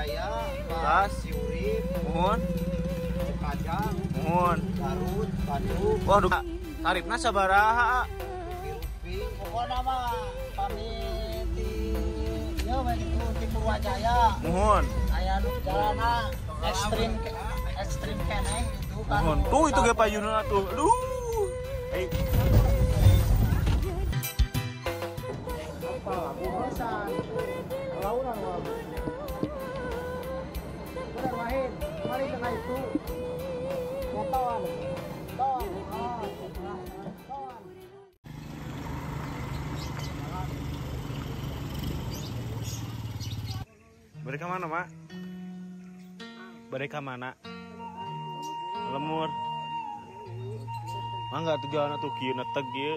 Jaya, Tas, Yuri, Mohon, Kajang, Mohon, Garut, Bandung. duka. tarifnya sabaraha. Kirupi, pokoknya nama? kami di ya itu di Purwajaya. Mohon. Aya nu jalana ekstrim ekstrim kene kan. Mohon. Tuh itu gak payunan tuh. Aduh. Apa? Bosan. Kalau orang Mereka mana, Mak? Mereka mana? Lemur. Mangga tujuan tuh kieu neuteg kieu.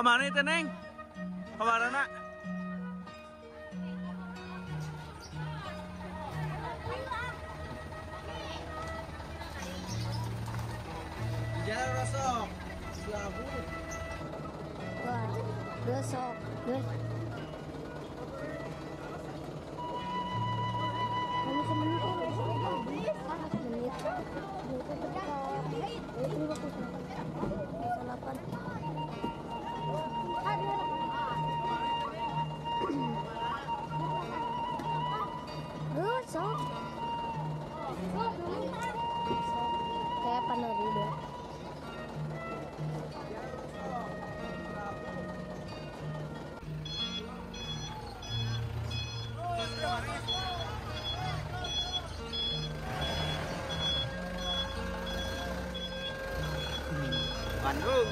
Kemana itu, Neng? Kemana, nak? bánh hương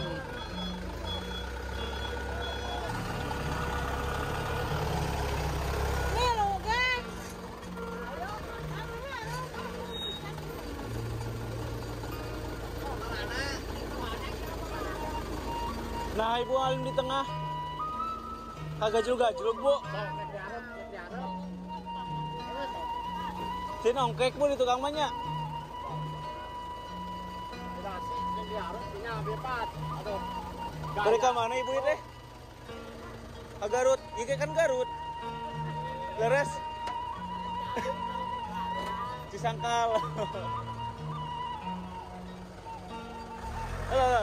Nahay po alam di tengah. Kagajulog-gajulog po. Sinong cake po dito kang manya? Dari ke mana ibu ini? Ke ah, Garut. Iya kan Garut. Leres. Cisangkal. Halo.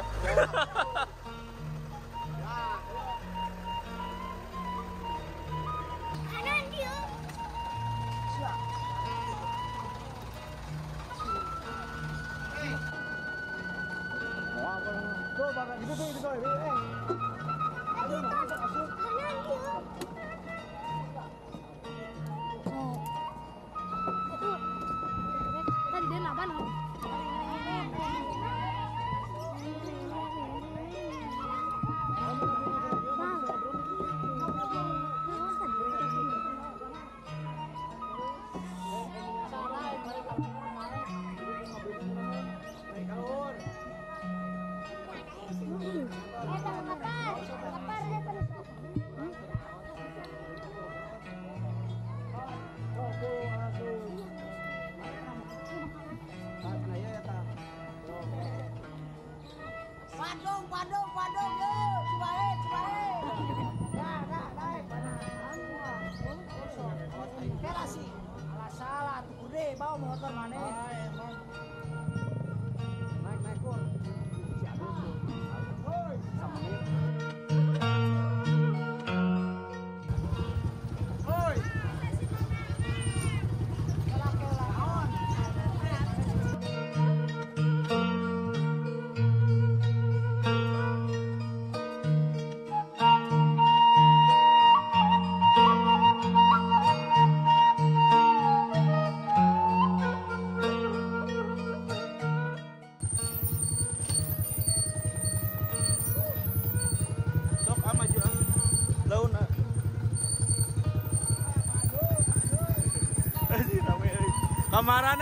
हमारा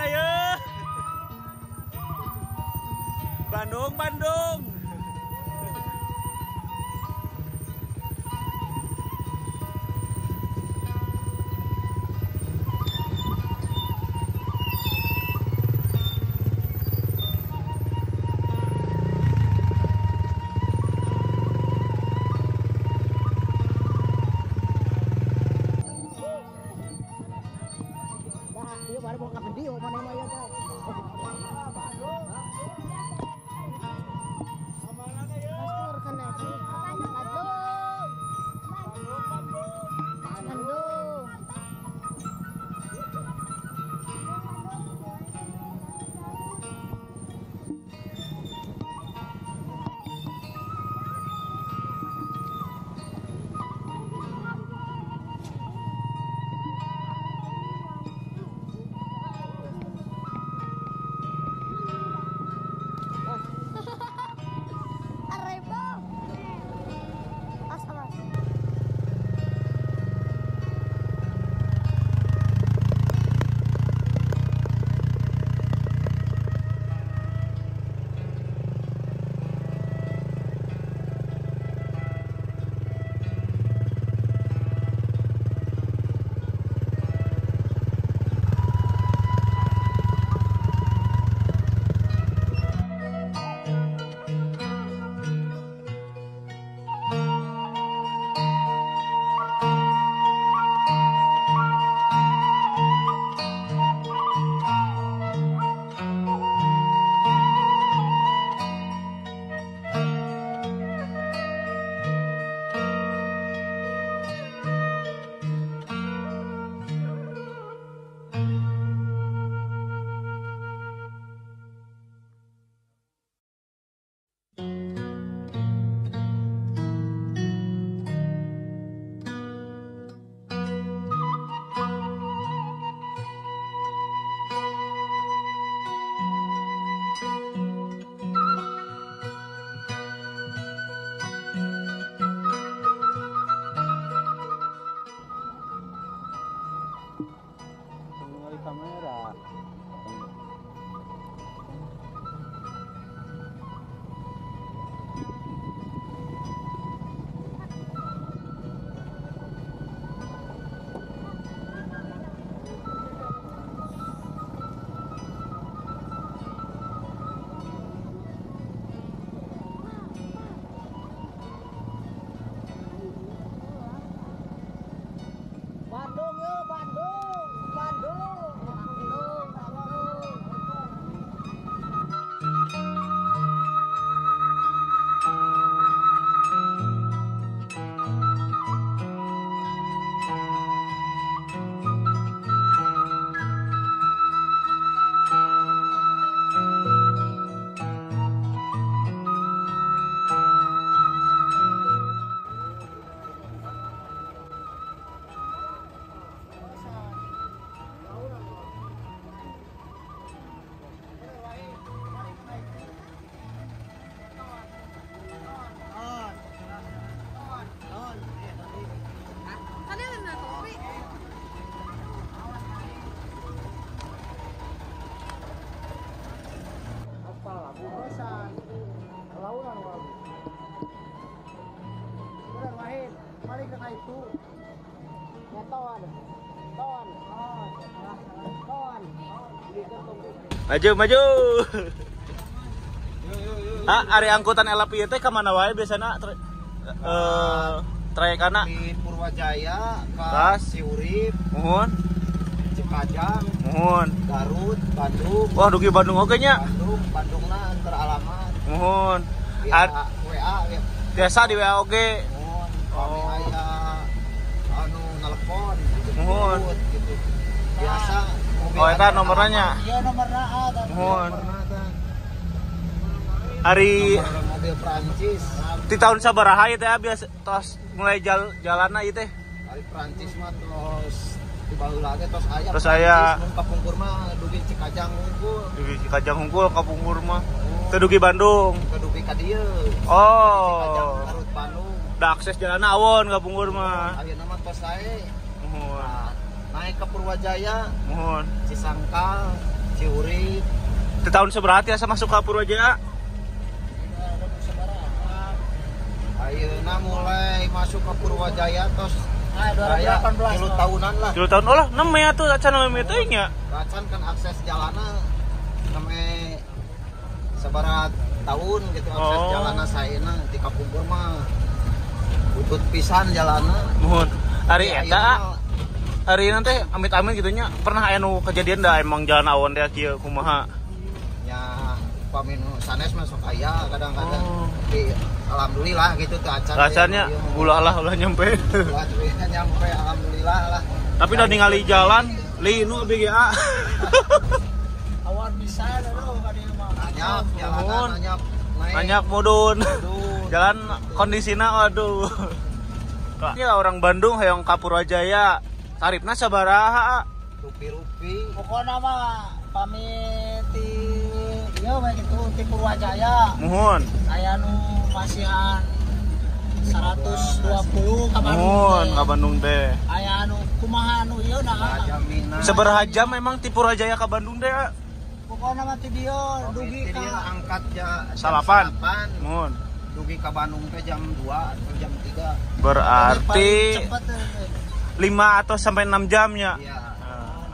Ano bang kapidiyo? Manay maya ka. satu ya ton ton maju maju ah hari angkutan LPI teh kemana wae biasanya tra uh, eh, trayek di Purwajaya ke Siurip mohon Cikajang mohon Garut Bandung wah dugi Bandung oke nya Bandung Bandung lah antar alamat mohon WA, WA, ya. biasa di WA oke mohon oh. Mohon, gitu. biasa oh itu nomornya iya nomorna ada Mohon. hari mobil Prancis di tahun sabaraha ya teh biasa tos mulai jal jalanna ieu teh hari Prancis mah terus di baru lagi, tos aya terus aya kapungkur mah dugi Cikajang unggul dugi Cikajang unggul kapungkur mah Ke oh. dugi Bandung Ke dugi ka dieu oh Cikajang Bandung da akses jalanna awon kapungkur mah ayeuna mah tos ae mohon naik ke Purwajaya mohon Cisangkal Ciuri di tahun seberat ya masuk ke Purwajaya Ayeuna mulai masuk ke Purwajaya terus Ah, 2018 tahunan lah. 10 tahun olah, neme ya tuh acan neme ya itu Acan kan akses jalannya neme seberat tahun gitu oh. akses jalannya saya nah, di kampung mah. Butut pisan jalannya. Mohon. Ari iya, eta iya, ah hari nanti amit-amit gitunya pernah ayo anu kejadian dah emang jalan awan deh kia kumaha ya pamin sanes mah sok aya kadang-kadang oh. tapi alhamdulillah gitu tuh acan acannya iya. ulah lah ulah nyampe ulah nyampe alhamdulillah lah tapi udah ningali jalan li nu BGA awan bisa loh kadieu mah anyap jalanan anyap banyak mudun jalan kondisinya aduh ini orang Bandung Hayong Kapurwajaya Saripna sabaraha? Rupi-rupi. Pokoknya mah kami ti iya bae gitu ti Purwajaya. Muhun. Aya nu pasihan 120 ka Bandung. Muhun ka Bandung teh. Aya anu kumaha anu ieu iya, nah. Sabaraha jam memang ti Purwajaya ka Bandung teh? Pokoknya mah ti dieu dugi ka angkat ya. salapan. Muhun. Dugi ka Bandung teh jam 2 atau jam 3. Berarti cepet 5 atau sampai 6 jamnya ya. Uh,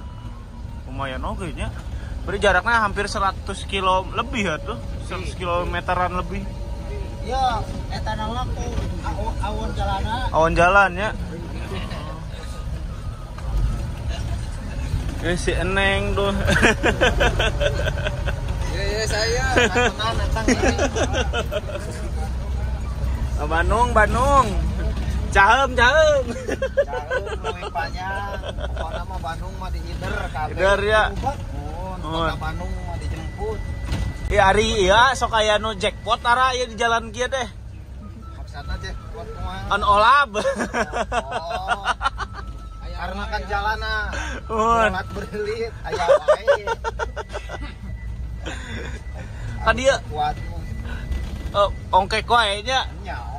lumayan oke okay, nya berarti jaraknya hampir 100 kilo lebih ya tuh 100 kilometeran lebih ya etanol aku awon jalanan Awon jalan ya Eh, si Eneng tuh. ya, ya, saya. Natang, natang, Bandung, Bandung. Cahem, cahem. Cahem nu panjang. Pokona mah Bandung mah di kabeh. Hider ya. Kota Bandung mah dijemput. Ya hari ya sok aya nu jackpot ara ya di jalan kia teh. Maksudna jackpot kumaha? An olab. Oh. Karena kan jalana. sangat berlilit aya wae. Kan dia kuat. Oh, ongkek wae nya. Nya.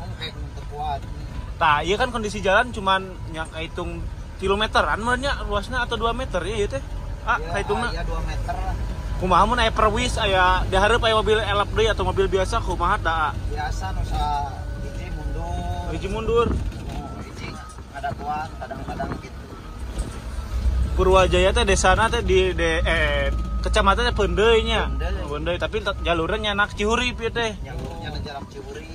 Nah, iya kan kondisi jalan cuma yang hitung kilometer, anunya luasnya atau 2 meter ya itu. Iya, ah, hitungnya. Iya 2 iya, meter lah. Kumaha mun aya perwis aya diharap aya mobil elap deui atau mobil biasa kumaha da? Biasa nu sa hiji mundur. Hiji mundur. Oh, hiji ada kuat kadang-kadang gitu. Purwajaya teh desana teh di de, eh kecamatan teh Pendeuy nya. tapi jalurnya nak Cihurip ieu iya, teh. Jalurnya jalan cihuri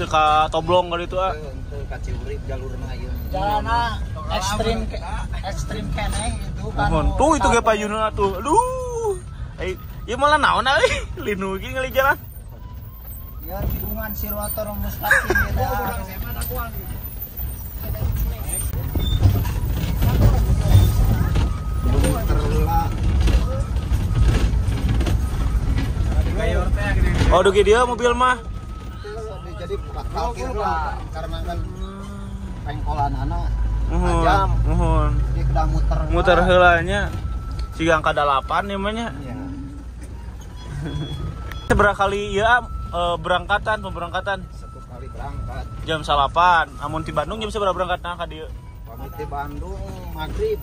teh ka Toblong kali itu ah. Teu ka Ciurip jalur ayeuna. Ah. Iya, ekstrim ke, ekstrim keneh itu kan. Mohon tuh itu ge payuna tuh. Aduh. Eh, ieu ya malah naon ah, euy? Eh. Linu gini ngali jalan. Ya hubungan sirwator mustaqim ya. Oh, duki dia mobil mah jadi kalkir lah karena kan pengkolan anak ajam jadi kedah muter muter helanya sigang kada lapan namanya iya. seberapa kali ya berangkatan pemberangkatan satu kali berangkat jam salapan amun di Bandung jam seberapa berangkat nah kadi pamit di Bandung maghrib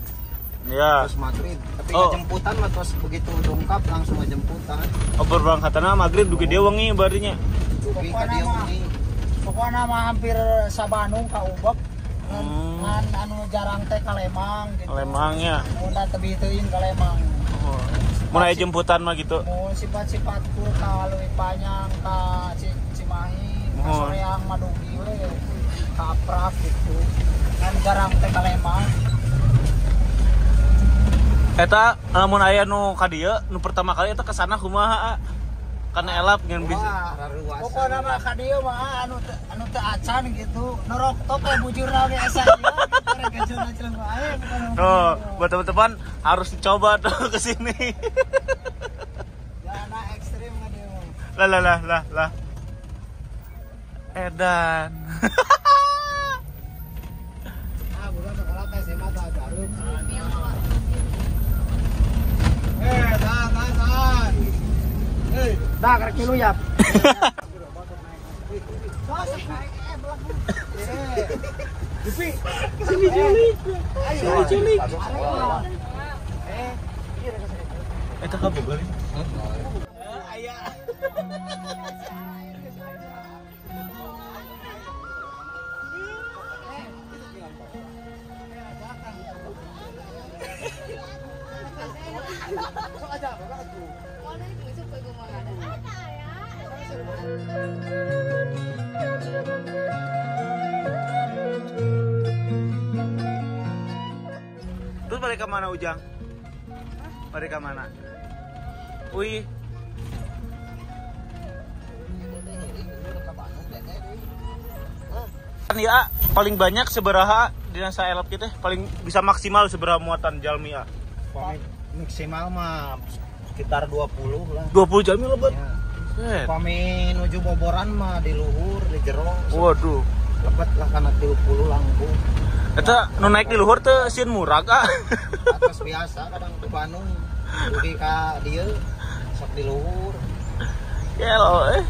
ya terus maghrib tapi oh. jemputan mah terus begitu dongkap langsung jemputan oh berangkatan nah maghrib duki oh. dia wengi barinya duki ka dia wengi pokoknya nama hampir sabanung kaubek hmm. kan anu jarang teh kalemang gitu. kalemangnya tebih tebituin kalemang oh. mulai jemputan mah gitu mau sifat-sifatku ka leuwih panjang ka Cimahi ka oh. Soreang Madugi we Apraf gitu kan jarang teh kalemang Eta namun eh, ayah nu kadia nu pertama kali eta kesana kumaha kan elap ngan bisa pokoknya mah ka mah anu te, anu te acan gitu norok top ya bujur naon ya asa Tuh, oh, buat teman-teman harus dicoba tuh ke sini. Jangan ekstrim kan dia. Lah lah lah lah lah. Edan. ah, bulan kalau teh Eh, dah kerek dulu ya. Sini cilik. Sini cilik. Eh, kakak bubur. Ayah. kemana mana Ujang? Mereka mana? Ui. Kan ya, paling banyak seberaha NASA elap kita paling bisa maksimal seberapa muatan jalmi ya? Maksimal mah sekitar 20 lah. 20 jalmi lebat. Ya. Kami menuju Boboran mah di luhur, di jerong. Waduh. Lebat lah karena 30 langkung. Eta nu naik di luhur teh sieun murah ka? Atas biasa kadang ke Bandung jadi ka dieu sok di luhur. Ya lo eh.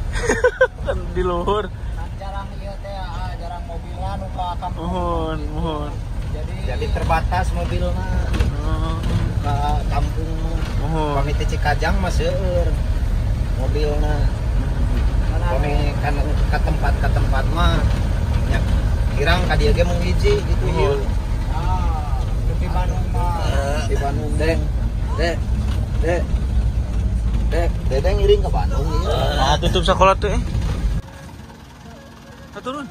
kan di luhur. Kan jarang ieu iya teh ah, jarang mobilan nu ka kampung. Mohon, mohon. Jadi jadi terbatas mobilnya. Uh. Ka kampung. Mohon. Pami teh Cikajang mah seueur mobilnya. Pami hmm. kan ke tempat ke tempat mah nyak Irang kadieu ge mung hiji gitu ya Ah, di Bandung mah. Eh, di Bandung. deh deh deh deh Dedeng ngiring ke Bandung ieu. Iya. Ah, tutup sekolah tuh eh. Ah, turun.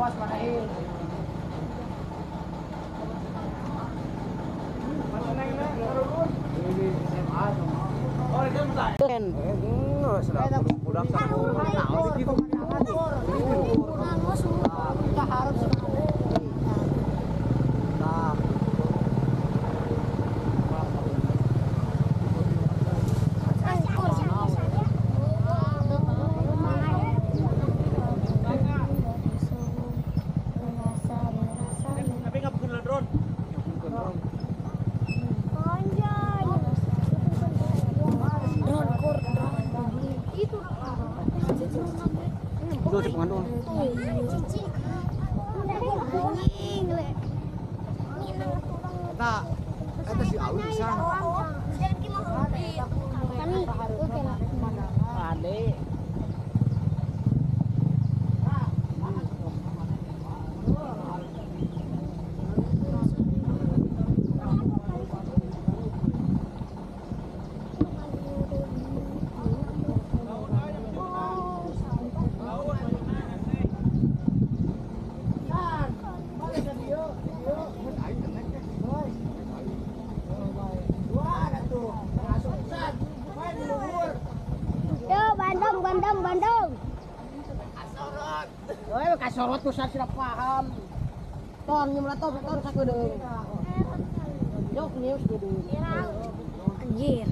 awas marahin Oh, itu saya tidak paham ton nyemlah ton ton saya kudu yuk nyus anjir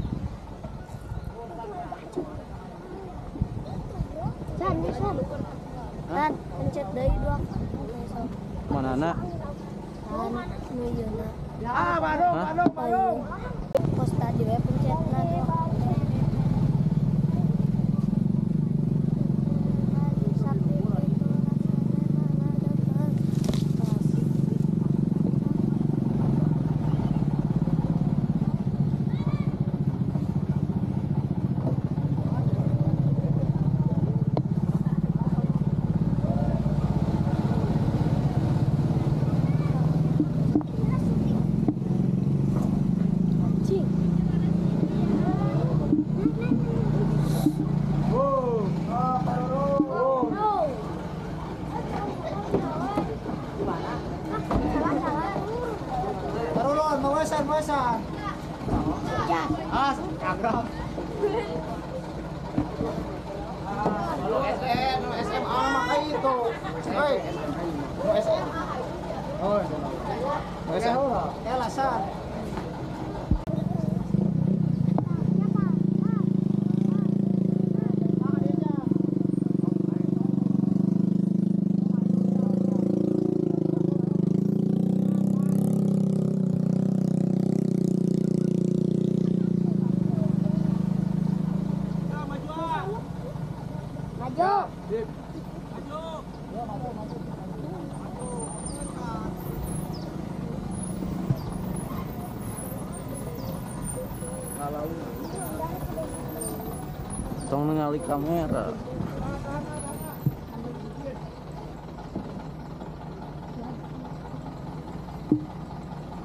tolong ningali kamera.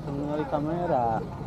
Tong ningali kamera.